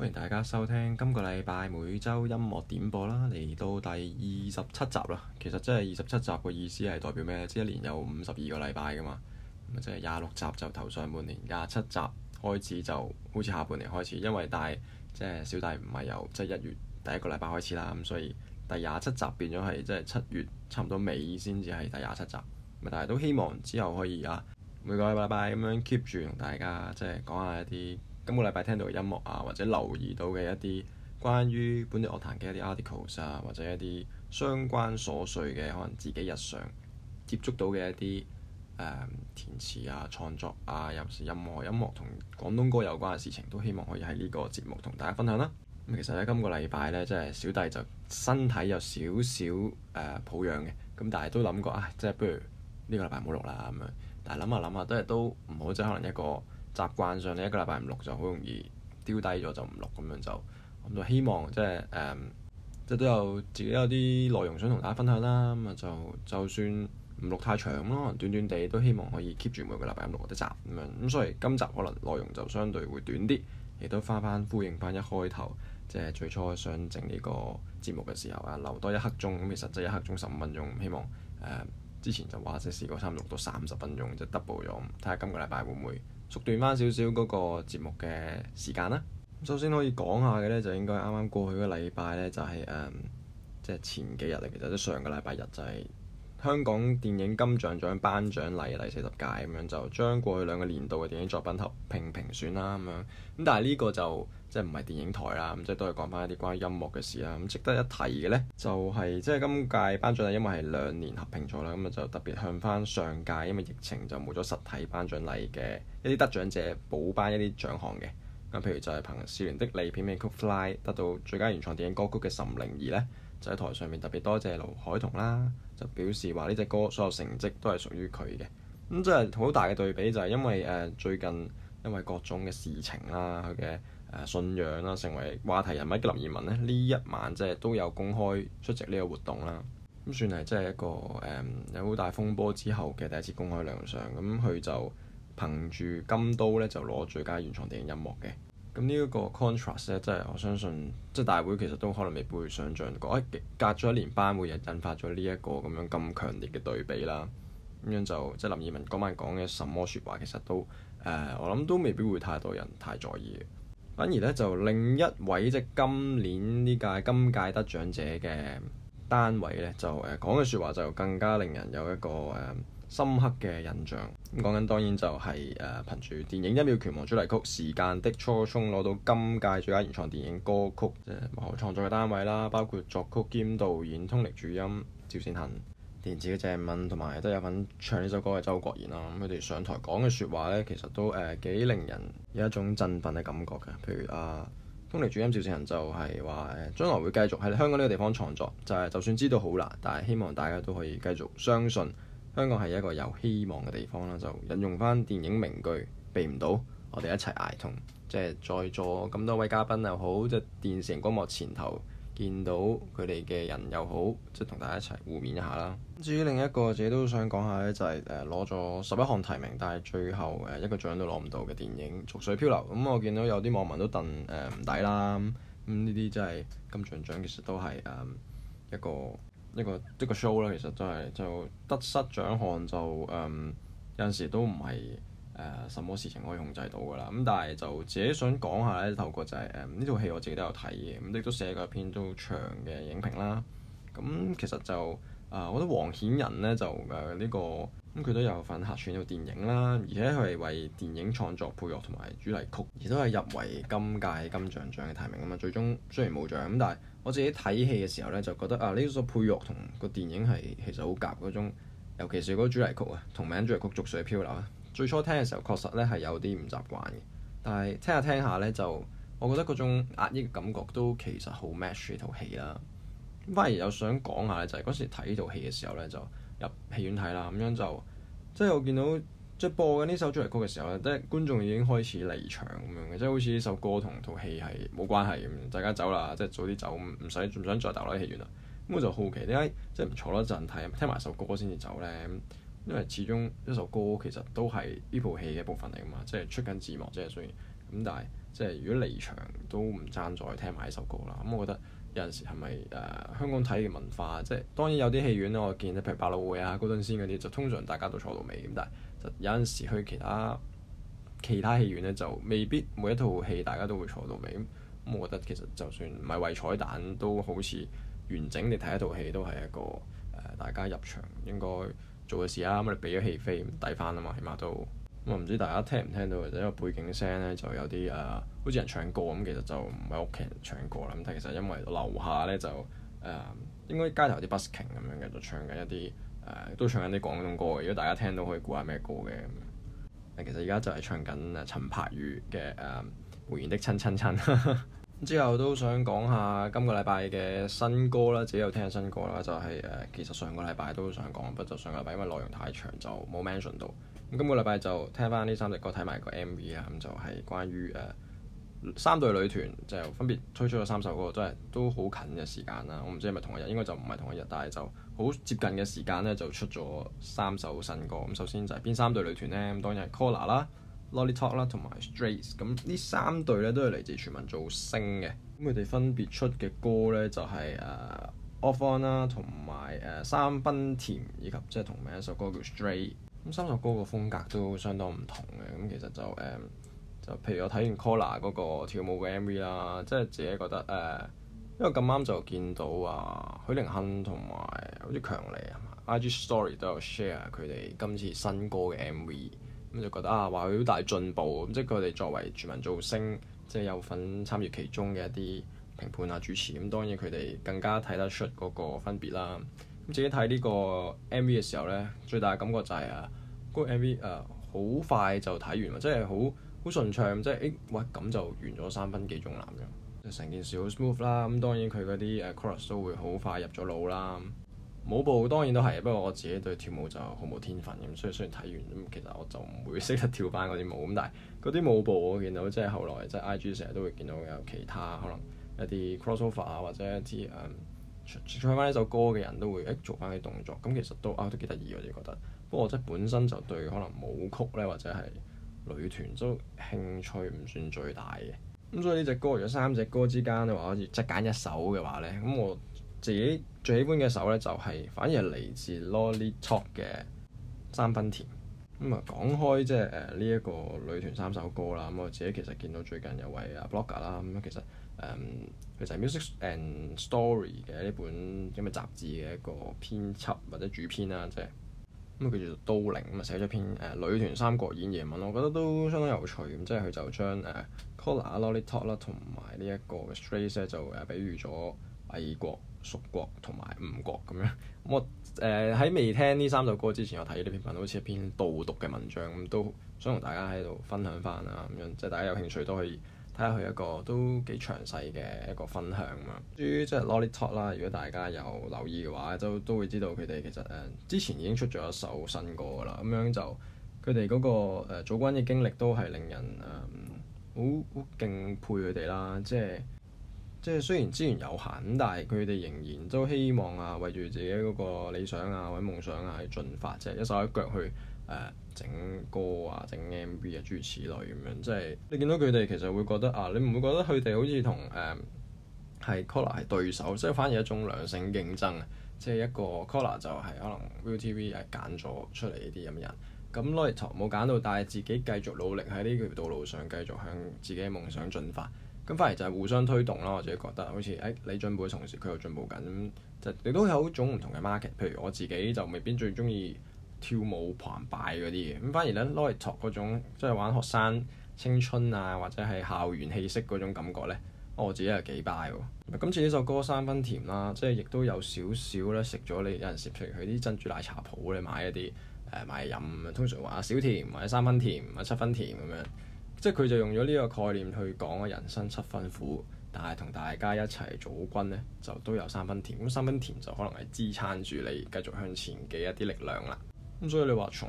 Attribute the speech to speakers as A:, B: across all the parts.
A: 歡迎大家收聽今個禮拜每周音樂點播啦，嚟到第二十七集啦。其實即係二十七集嘅意思係代表咩？即、就是、一年有五十二個禮拜噶嘛，咁啊即係廿六集就頭上半年，廿七集開始就好似下半年開始。因為大即係、就是、小弟唔係由即係一月第一個禮拜開始啦，咁所以第廿七集變咗係即係七月差唔多尾先至係第廿七集。咁但係都希望之後可以啊，每個禮拜咁樣 keep 住同大家即係、就是、講下一啲。今個禮拜聽到嘅音樂啊，或者留意到嘅一啲關於本地樂壇嘅一啲 articles 啊，或者一啲相關瑣碎嘅可能自己日常接觸到嘅一啲誒、嗯、填詞啊、創作啊、任任何音樂同廣東歌有關嘅事情，都希望可以喺呢個節目同大家分享啦。咁、嗯、其實咧，今個禮拜咧，即、就、係、是、小弟就身體有少少誒、呃、抱恙嘅，咁但係都諗過啊，即係不如呢個禮拜冇錄啦咁樣。但係諗下諗下，都係都唔好即係可能一個。習慣上你一個禮拜唔錄就好容易丟低咗，就唔錄咁樣就咁就希望即係誒、嗯，即都有自己有啲內容想同大家分享啦。咁啊就就算唔錄太長咯，短短地都希望可以 keep 住每個禮拜咁錄一集咁樣。咁所以今集可能內容就相對會短啲，亦都翻翻呼應翻一開頭，即係最初想整呢個節目嘅時候啊，留多一刻鐘咁。其實即係一刻鐘十五分鐘，希望誒、嗯、之前就話即係試過差唔多三十分鐘，即係 double 咗，睇下今個禮拜會唔會。縮短翻少少嗰個節目嘅時間啦。首先可以講下嘅呢，就應該啱啱過去個禮拜呢，就係、係、誒，係、嗯即係、前幾日嚟，其實都上個禮拜日就係、係。香港電影金像獎頒獎禮第四十屆咁樣，就將過去兩個年度嘅電影作品合併評選啦。咁樣咁，但係呢個就即係唔係電影台啦，咁即係都係講翻一啲關於音樂嘅事啦。咁值得一提嘅呢，就係、是、即係今屆頒獎禮，因為係兩年合併咗啦，咁啊就特別向翻上屆，因為疫情就冇咗實體頒獎禮嘅一啲得獎者補頒一啲獎項嘅咁。譬如就係憑《少年的你》片尾曲 Fly 得到最佳原創電影歌曲嘅岑寧兒呢，就喺台上面特別多謝盧海彤啦。就表示話呢隻歌所有成績都係屬於佢嘅，咁即係好大嘅對比就係因為誒、呃、最近因為各種嘅事情啦、啊，佢嘅誒信仰啦、啊，成為話題人物嘅林二汶呢，呢一晚即係都有公開出席呢個活動啦，咁算係即係一個誒、呃、有好大風波之後嘅第一次公開亮相，咁佢就憑住金刀咧就攞最佳原創電影音樂嘅。呢一個 contrast 咧，真係我相信，即係大會其實都可能未必會想像過，誒隔咗一年班會引發咗呢一個咁樣咁強烈嘅對比啦。咁樣就即係林義文嗰晚講嘅什麼説話，其實都誒、呃，我諗都未必會太多人太在意嘅。反而咧就另一位即係今年呢屆今屆得獎者嘅單位咧，就誒講嘅説話就更加令人有一個誒、呃、深刻嘅印象。咁講緊當然就係誒憑住電影《一秒拳王》主題曲《時間的初衷》攞到今屆最佳原創電影歌曲誒幕後創作嘅單位啦，包括作曲兼導演通力主音趙善恆、填詞嘅鄭敏，同埋都有，還有份唱呢首歌嘅周國賢啦。咁佢哋上台講嘅説話呢，其實都誒幾令人有一種振奮嘅感覺嘅。譬如啊，通力主音趙善恆就係話誒，將來會繼續喺香港呢個地方創作，就係就算知道好難，但係希望大家都可以繼續相信。香港係一個有希望嘅地方啦，就引用翻電影名句：避唔到，我哋一齊捱痛。即係在座咁多位嘉賓又好，即係電視熒光幕前頭見到佢哋嘅人又好，即係同大家一齊互勉一下啦。至於另一個自己都想講下咧，就係誒攞咗十一項提名，但係最後誒一個獎都攞唔到嘅電影《濁水漂流》嗯。咁我見到有啲網民都戥誒唔抵啦。咁呢啲真係金像獎其實都係誒、呃、一個。呢個呢個 show 啦，其實真係就得失獎項就誒、嗯、有陣時都唔係誒什麼事情可以控制到㗎啦。咁但係就自己想講下咧，透過就係誒呢套戲我自己都有睇嘅，咁、嗯、亦都寫過一篇都長嘅影評啦。咁、嗯、其實就啊、呃，我覺得黃衍仁咧就誒呢、呃這個咁佢、嗯、都有份客串到電影啦，而且佢係為電影創作配樂同埋主題曲，而都係入圍今屆金像獎嘅提名啊嘛、嗯。最終雖然冇獎咁，但係我自己睇戲嘅時候呢，就覺得啊呢個配樂同個電影係其實好夾嗰種，尤其是嗰主題曲啊，同名主題曲《逐水漂流》啊。最初聽嘅時候確實呢係有啲唔習慣嘅，但係聽下聽下呢，就，我覺得嗰種壓抑嘅感覺都其實好 match 呢套戲啦。反而又想講下咧，就係嗰時睇呢套戲嘅時候呢，就入戲院睇啦，咁樣就即係我見到。即播緊呢首主題曲嘅時候咧，即係觀眾已經開始離場咁樣嘅，即係好似呢首歌同套戲係冇關係咁，大家走啦，即係早啲走，唔使唔想再留喺戲院啦。咁我就好奇點解即係唔坐一陣睇，聽埋首歌先至走咧？因為始終一首歌其實都係呢部戲嘅部分嚟㗎嘛，即係出緊字幕，即係所以咁。但係即係如果離場都唔爭在聽埋呢首歌啦，咁我覺得有陣時係咪誒香港睇嘅文化？即係當然有啲戲院我見一譬如百老匯啊、高登先嗰啲，就通常大家都坐到尾咁，但係。有陣時去其他其他戲院咧，就未必每一套戲大家都會坐到尾。咁、嗯，我覺得其實就算唔係為彩蛋，都好似完整你睇一套戲都係一個誒、呃，大家入場應該做嘅事啦。咁、嗯、你俾咗戲飛，抵翻啊嘛，起碼都。咁、嗯、啊，唔知大家聽唔聽到啊？因為背景聲咧就有啲誒、呃，好似人唱歌咁，其實就唔係屋企人唱歌啦。咁但其實因為樓下咧就誒、呃，應該街頭啲 busking 咁樣嘅，就唱緊一啲。都唱緊啲廣東歌，如果大家聽到可以估下咩歌嘅。其實而家就係唱緊啊陳柏宇嘅誒《回憶的親親親》。 之後都想講下今個禮拜嘅新歌啦，自己有聽新歌啦，就係、是、誒其實上個禮拜都想講，不過就上個禮拜因為內容太長就冇 mention 到。咁今個禮拜就聽翻呢三隻歌，睇埋個 MV 啊，咁就係關於誒。三隊女團就分別推出咗三首歌，就是、都係都好近嘅時間啦。我唔知係咪同一日，應該就唔係同一日，但係就好接近嘅時間咧，就出咗三首新歌。咁首先就係邊三隊女團咧？咁當然係 COLLAR 啦、LOLLY TALK 啦同埋 STRAYZ，咁呢三隊咧都係嚟自全民造星嘅。咁佢哋分別出嘅歌咧就係、是、誒《uh, Off On 啦，同埋誒《uh, 三分甜》，以及即係同名一首歌叫 St《STRAYZ》。咁三首歌個風格都相當唔同嘅。咁其實就誒。Uh, 譬如我睇完 COLLAR 嗰個跳舞嘅 MV 啦，即係自己覺得誒、呃，因為咁啱就見到啊，許廷鏗同埋好似強尼啊，IG story 都有 share 佢哋今次新歌嘅 MV，咁就覺得啊，話佢好大進步，咁即係佢哋作為全民造星，即係有份參與其中嘅一啲評判啊主持，咁當然佢哋更加睇得出嗰個分別啦。咁自己睇呢個 MV 嘅時候咧，最大嘅感覺就係、是那個、啊，嗰個 MV 誒好快就睇完即係好～好順暢，即係誒、欸，喂咁就完咗三分幾鐘嘅，即成件事好 smooth 啦。咁當然佢嗰啲誒 chorus 都會好快入咗腦啦。舞步當然都係，不過我自己對跳舞就好冇天分咁，所以雖然睇完咁，其實我就唔會識得跳翻嗰啲舞。咁但係嗰啲舞步我見到即係後來即係 IG 成日都會見到有其他可能一啲 crossover 啊，或者一啲誒、嗯、唱翻呢首歌嘅人都會誒、欸、做翻啲動作。咁其實都啊都幾得意，我哋覺得。不過我即係本身就對可能舞曲咧或者係。女團都興趣唔算最大嘅，咁所以呢隻歌，咁三隻歌之間嘅話好似即揀一首嘅話咧，咁我自己最喜歡嘅首咧就係、是、反而係嚟自 LOLLY TALK 嘅三分甜。咁啊講開即係誒呢一個女團三首歌啦，咁我自己其實見到最近有位啊 blogger 啦，咁其實誒、呃、其實 Music and Story 嘅呢本咁嘅雜誌嘅一個編輯或者主編啦，即、就、係、是。咁佢叫做刀靈咁啊，寫咗篇誒、呃、女團《三國演義》文，我覺得都相當有趣。咁、嗯、即係佢就將誒 COLLAR、LOLLY TALK、呃、啦，同埋、ok，呢一個 STRAYZ 咧，就誒比喻咗魏國、蜀國同埋吳國咁樣。咁、嗯、我誒喺、呃、未聽呢三首歌之前，我睇呢篇文，好似一篇導讀嘅文章咁、嗯，都想同大家喺度分享翻啦。咁樣即係大家有興趣都可以。睇下佢一個都幾詳細嘅一個分享咁樣，至於即係 LOLLY TALK 啦，如果大家有留意嘅話，都都會知道佢哋其實誒、呃、之前已經出咗一首新歌噶啦，咁樣就佢哋嗰個誒組軍嘅經歷都係令人誒好、呃、敬佩佢哋啦，即係。即係雖然資源有限，但係佢哋仍然都希望啊，為住自己嗰個理想啊、或者夢想啊去進發啫，就是、一手一腳去誒整、呃、歌啊、整 MV 啊諸如此類咁樣。即係你見到佢哋其實會覺得啊，你唔會覺得佢哋好似同誒係 COLLAR 係對手，即係反而一種良性競爭啊。即係一個 COLLAR 就係可能 ViuTV 係揀咗出嚟呢啲咁人，咁 LOLLY TALK 冇揀到，但係自己繼續努力喺呢條道路上繼續向自己嘅夢想進發。咁反而就係互相推動啦，我自己覺得好似誒、哎、你進步同時佢又進步緊，就亦都有一種唔同嘅 market。譬如我自己就未必最鍾意跳舞旁擺嗰啲嘢。咁反而咧《LOLLY TALK》嗰種即係玩學生青春啊，或者係校園氣息嗰種感覺咧，我自己係幾 buy。今次呢首歌三分甜啦，即係亦都有少少咧食咗你有陣時譬如去啲珍珠奶茶鋪，你買一啲誒買嘢飲，通常話小甜或者三分甜或七分甜咁樣。即係佢就用咗呢個概念去講啊，人生七分苦，但係同大家一齊做軍呢，就都有三分甜。咁三分甜就可能係支撐住你繼續向前嘅一啲力量啦。咁所以你話從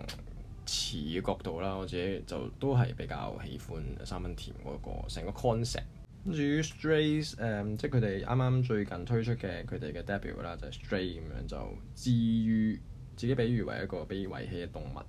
A: 詞嘅角度啦，我自己就都係比較喜歡三分甜嗰個成個 concept。至於 STRAYZ 誒，即係佢哋啱啱最近推出嘅佢哋嘅 debut 啦，就係 Stray 咁樣就自喻自己比喻為一個被遺棄嘅動物。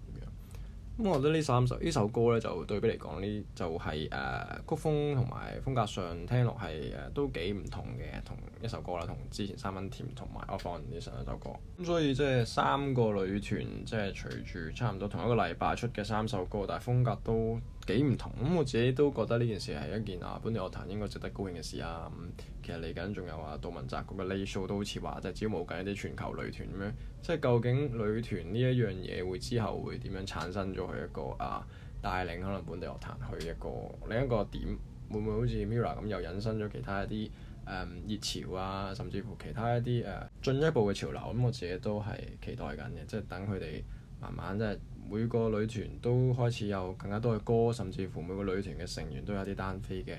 A: 咁我覺得呢三首呢首歌咧就對比嚟講，呢就係、是、誒、啊、曲風同埋風格上聽落係誒都幾唔同嘅同一首歌啦，同之前三分甜同埋《I Found You》呢首歌。咁所以即係、就是、三個女團即係、就是、隨住差唔多同一個禮拜出嘅三首歌，但係風格都幾唔同咁，我自己都覺得呢件事係一件啊本地樂壇應該值得高興嘅事啊咁、嗯。其實嚟緊仲有啊杜汶澤嗰個 Lady Show 都好似話，即係招募緊一啲全球女團咁樣，即係究竟女團呢一樣嘢會之後會點樣產生咗佢一個啊帶領可能本地樂壇去一個，啊、去一個另一個點？會唔會好似 MIRROR 咁又引申咗其他一啲誒、嗯、熱潮啊，甚至乎其他一啲誒、啊、進一步嘅潮流？咁我自己都係期待緊嘅，即、就、係、是、等佢哋慢慢即係。每個女團都開始有更加多嘅歌，甚至乎每個女團嘅成員都有啲單飛嘅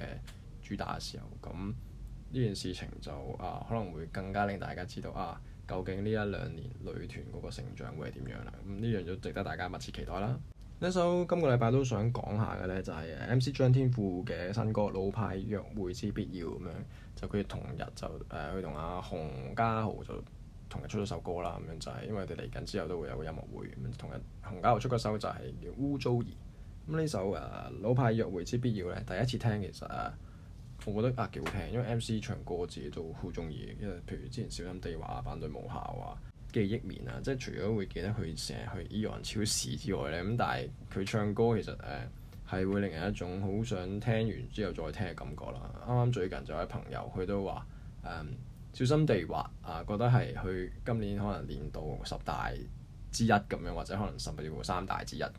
A: 主打嘅時候，咁呢件事情就啊可能會更加令大家知道啊，究竟呢一兩年女團嗰個成長會係點樣啦？咁、啊、呢樣都值得大家密切期待啦。一首今個禮拜都想講下嘅呢，就係 MC 張天賦嘅新歌《老派約會之必要》咁樣，就佢同日就誒去同阿洪嘉豪就。同日出咗首歌啦，咁樣就係因為佢嚟緊之後都會有個音樂會。咁同日洪嘉豪出嘅首就係、是、叫《污糟兒》。咁呢首誒、啊、老派約會之必要咧，第一次聽其實誒、啊，我覺得啊幾好聽，因為 M.C. 唱歌我自己都好中意。因為譬如之前小心地滑反對無效啊，記憶棉啊，即係除咗會記得佢成日去 AEON 超市之外咧，咁但係佢唱歌其實誒、啊、係會令人一種好想聽完之後再聽嘅感覺啦。啱啱最近就有位朋友佢都話誒。嗯小心地話啊，覺得係佢今年可能年度十大之一咁樣，或者可能甚至乎三大之一咁，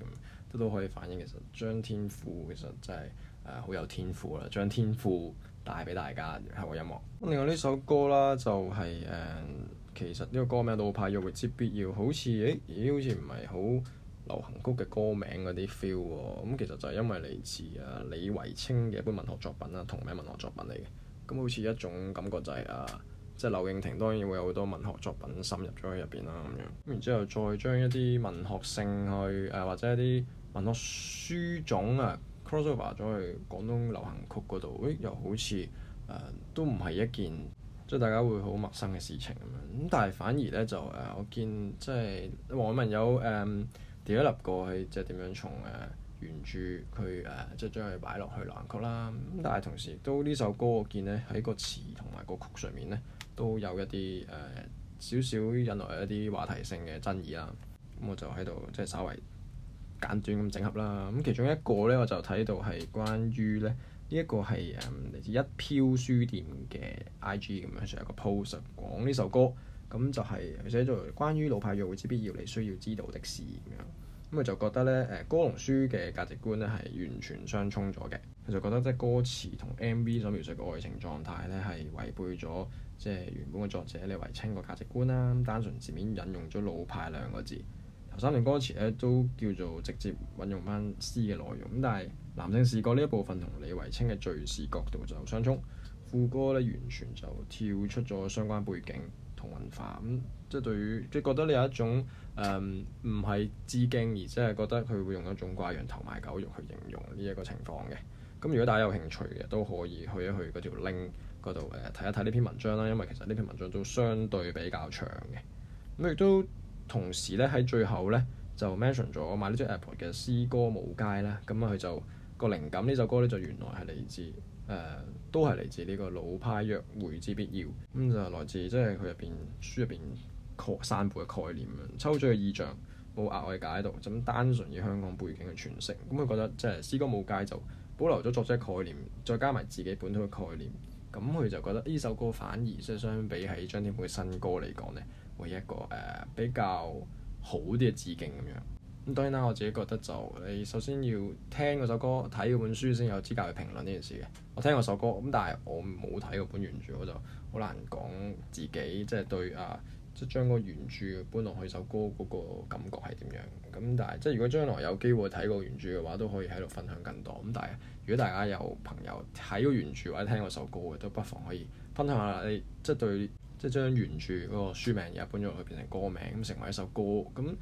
A: 都都可以反映其實張天賦其實真係誒、啊、好有天賦啦。張天賦帶俾大家係個音樂。另外呢首歌啦，就係、是、誒、嗯、其實呢個歌名《老派約會之必要》好欸欸，好似誒咦好似唔係好流行曲嘅歌名嗰啲 feel 喎、哦。咁、嗯、其實就係因為嚟自誒、啊、李維菁嘅一本文學作品啦，同名文學作品嚟嘅。咁好似一種感覺就係、是、啊～即係劉敬婷當然會有好多文學作品深入咗去入邊啦，咁樣。咁然之後再將一啲文學性去誒、呃，或者一啲文學書種啊，crossover 咗去廣東流行曲嗰度，誒又好似誒、呃、都唔係一件即係大家會好陌生嘅事情咁樣。咁但係反而咧就誒、呃，我見即係網文有誒跌一立過係即係點樣從誒原、呃、著佢誒即係將佢擺落去流行曲啦。咁但係同時亦都呢首歌我見咧喺個詞同埋個曲上面咧，都有一啲誒少少引來一啲話題性嘅爭議啦，咁我就喺度即係稍為簡短咁整合啦。咁其中一個呢，我就睇到係關於呢呢一，這個係誒嚟自一票書店嘅 IG 咁樣，上一個 post 講呢首歌，咁就係寫咗關於老派約會之必要，你需要知道的事咁樣。咁啊就覺得咧，誒，歌同書嘅價值觀咧係完全相衝咗嘅。佢就覺得即係歌詞同 MV 所描述嘅愛情狀態咧係違背咗即係原本嘅作者李維菁個價值觀啦。單純字面引用咗老派兩個字，頭三段歌詞咧都叫做直接運用翻詩嘅內容。咁但係男性視角呢一部分同李維菁嘅敘事角度就相衝，副歌咧完全就跳出咗相關背景。文化，即係對於，即係覺得你有一種誒，唔係致敬，而且係覺得佢會用一種掛羊頭賣狗肉去形容呢一個情況嘅。咁如果大家有興趣嘅都可以去一去嗰條 link 度，誒，睇一睇呢篇文章啦，因為其實呢篇文章都相對比較長嘅。咁亦都同時咧喺最後咧就 mention 咗我買呢隻 Apple 嘅《詩歌舞街》啦。咁啊佢就個靈感呢首歌咧就原來係嚟自。誒、呃、都係嚟自呢個老派約會之必要，咁就係來自即係佢入邊書入邊擴散步嘅概念啦。抽咗嘅意象冇額外解讀，咁單純以香港背景嘅詮釋。咁佢覺得即係《詩歌冇界》就保留咗作者嘅概念，再加埋自己本土嘅概念。咁佢就覺得呢首歌反而即係相比起張天賦嘅新歌嚟講呢，為一個誒、呃、比較好啲嘅致敬咁樣。咁當然啦，我自己覺得就你首先要聽嗰首歌、睇嗰本書先有資格去評論呢件事嘅。我聽過嗰首歌，咁但係我冇睇嗰本原著，我就好難講自己即係、就是、對啊，即係將個原著搬落去首歌嗰個感覺係點樣。咁但係即係如果將來有機會睇過原著嘅話，都可以喺度分享更多。咁但係如果大家有朋友睇過原著或者聽過首歌嘅，都不妨可以分享下你即係、就是、對即係將原著嗰個書名而家搬咗落去變成歌名，咁成為一首歌咁。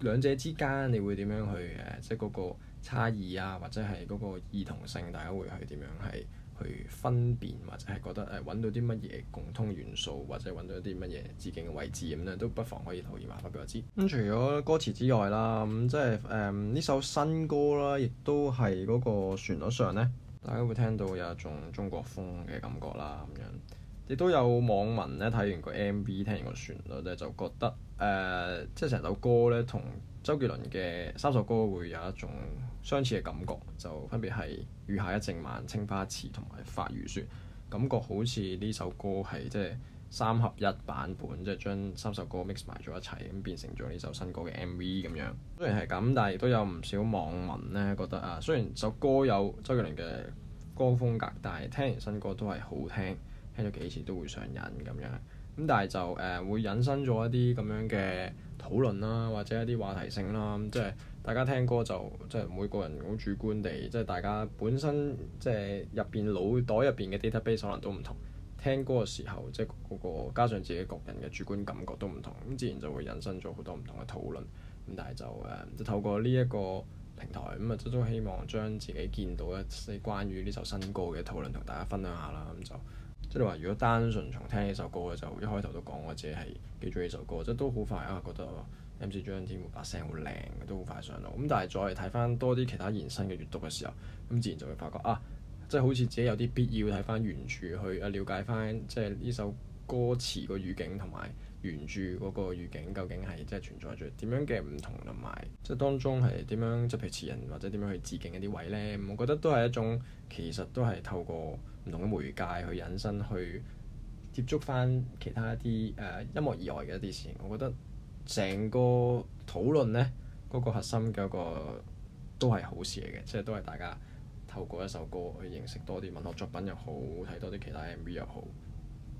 A: 兩者之間，你會點樣去誒，即係嗰個差異啊，或者係嗰個異同性，大家會去點樣係去分辨，或者係覺得誒揾到啲乜嘢共通元素，或者揾到一啲乜嘢致敬嘅位置咁咧，都不妨可以討論話返俾我知。咁、嗯、除咗歌詞之外啦，咁、嗯、即係誒呢首新歌啦，亦都係嗰個旋律上咧，大家會聽到有一種中國風嘅感覺啦，咁樣亦都有網民咧睇完個 MV、聽完個旋律咧，就覺得。誒、呃，即係成首歌咧，同周杰倫嘅三首歌會有一種相似嘅感覺，就分別係雨下一整晚、青花瓷同埋發如雪。感覺好似呢首歌係即係三合一版本，即係將三首歌 mix 埋咗一齊，咁變成咗呢首新歌嘅 MV 咁樣。雖然係咁，但係亦都有唔少網民咧覺得啊，雖然首歌有周杰倫嘅歌風格，但係聽完新歌都係好聽，聽咗幾次都會上癮咁樣。咁但係就誒、呃、會引申咗一啲咁樣嘅討論啦，或者一啲話題性啦，即、嗯、係、就是、大家聽歌就即係、就是、每個人好主觀地，即、就、係、是、大家本身即係入邊腦袋入邊嘅 database 可能都唔同，聽歌嘅時候即係嗰個加上自己個人嘅主觀感覺都唔同，咁自然就會引申咗好多唔同嘅討論。咁、嗯、但係就誒，呃、就透過呢一個平台咁啊，都、嗯、希望將自己見到一啲關於呢首新歌嘅討論同大家分享下啦，咁、嗯、就。即係話，如果單純從聽呢首歌就一開頭都講我自己係幾中意呢首歌，即係都好快啊覺得 MC 張天賦把聲好靚，都好快上腦。咁但係再睇翻多啲其他延伸嘅閱讀嘅時候，咁、嗯、自然就會發覺啊，即係好似自己有啲必要睇翻原著去啊了解翻即係呢首歌詞個語境同埋，原著嗰個語境究竟係即係存在住點樣嘅唔同，同埋即係當中係點樣，即係譬如詞人或者點樣去致敬一啲位咧？我覺得都係一種其實都係透過唔同嘅媒介去引申，去接觸翻其他一啲誒、呃、音樂以外嘅一啲事。我覺得成個討論咧嗰個，核心嘅一個都係好事嚟嘅，即係都係大家透過一首歌去認識多啲文學作品又好，睇多啲其他 MV 又好。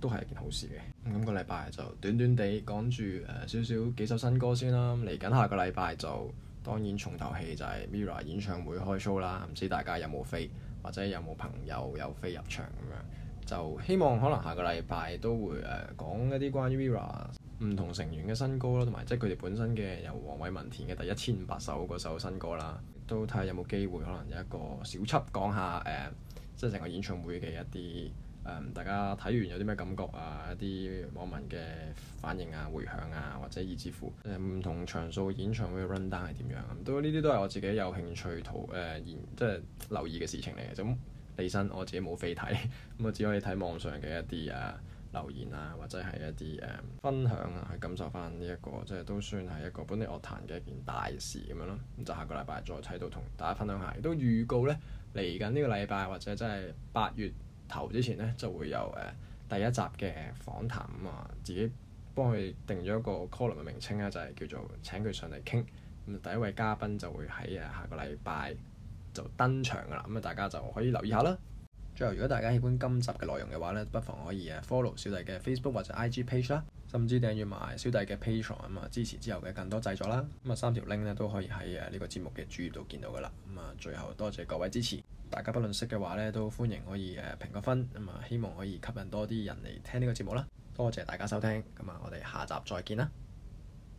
A: 都係一件好事嘅。咁、今個禮拜就短短地講住誒少少幾首新歌先啦。嚟緊下，下個禮拜就當然重頭戲就係 MIRROR 演唱會開 show 啦。唔知大家有冇飛或者有冇朋友有飛入場咁樣，就希望可能下個禮拜都會誒、呃、講一啲關於 MIRROR 唔同成員嘅新歌咯，同埋即係佢哋本身嘅由黃偉文填嘅第一千五百首嗰首新歌啦。都睇下有冇機會可能有一個小輯講下誒，即係成個演唱會嘅一啲。大家睇完有啲咩感覺啊？一啲網民嘅反應啊、回響啊，或者以至乎，誒、呃、唔同場數演唱會 run down 係點樣？都呢啲都係我自己有興趣討誒、呃，即係留意嘅事情嚟嘅。咁李生我自己冇飛睇，咁、 嗯、我只可以睇網上嘅一啲啊留言啊，或者係一啲誒、嗯、分享啊，去感受翻呢一、這個，即係都算係一個本地樂壇嘅一件大事咁樣咯。咁、嗯、就下個禮拜再睇到同大家分享下，亦都預告呢，嚟緊呢個禮拜或者真係八月。投之前咧，就會有誒，第一集嘅訪談啊，自己幫佢定咗一個 column 嘅名稱啦，就係叫做請佢上嚟傾。咁第一位嘉賓就會喺啊下個禮拜就登場噶啦，咁啊大家就可以留意下啦。最後如果大家喜歡今集嘅內容嘅話咧，不妨可以啊 follow 小弟嘅 Facebook 或者 IG page 啦，甚至訂閱埋小弟嘅 Patreon 啊，支持之後嘅更多製作啦。咁啊三條 link 咧都可以喺啊呢個節目嘅主頁度見到噶啦。咁啊最後多謝各位支持。大家不吝嗇嘅話咧，都歡迎可以誒評個分咁啊！希望可以吸引多啲人嚟聽呢個節目啦。多謝大家收聽，咁啊，我哋下集再見啦。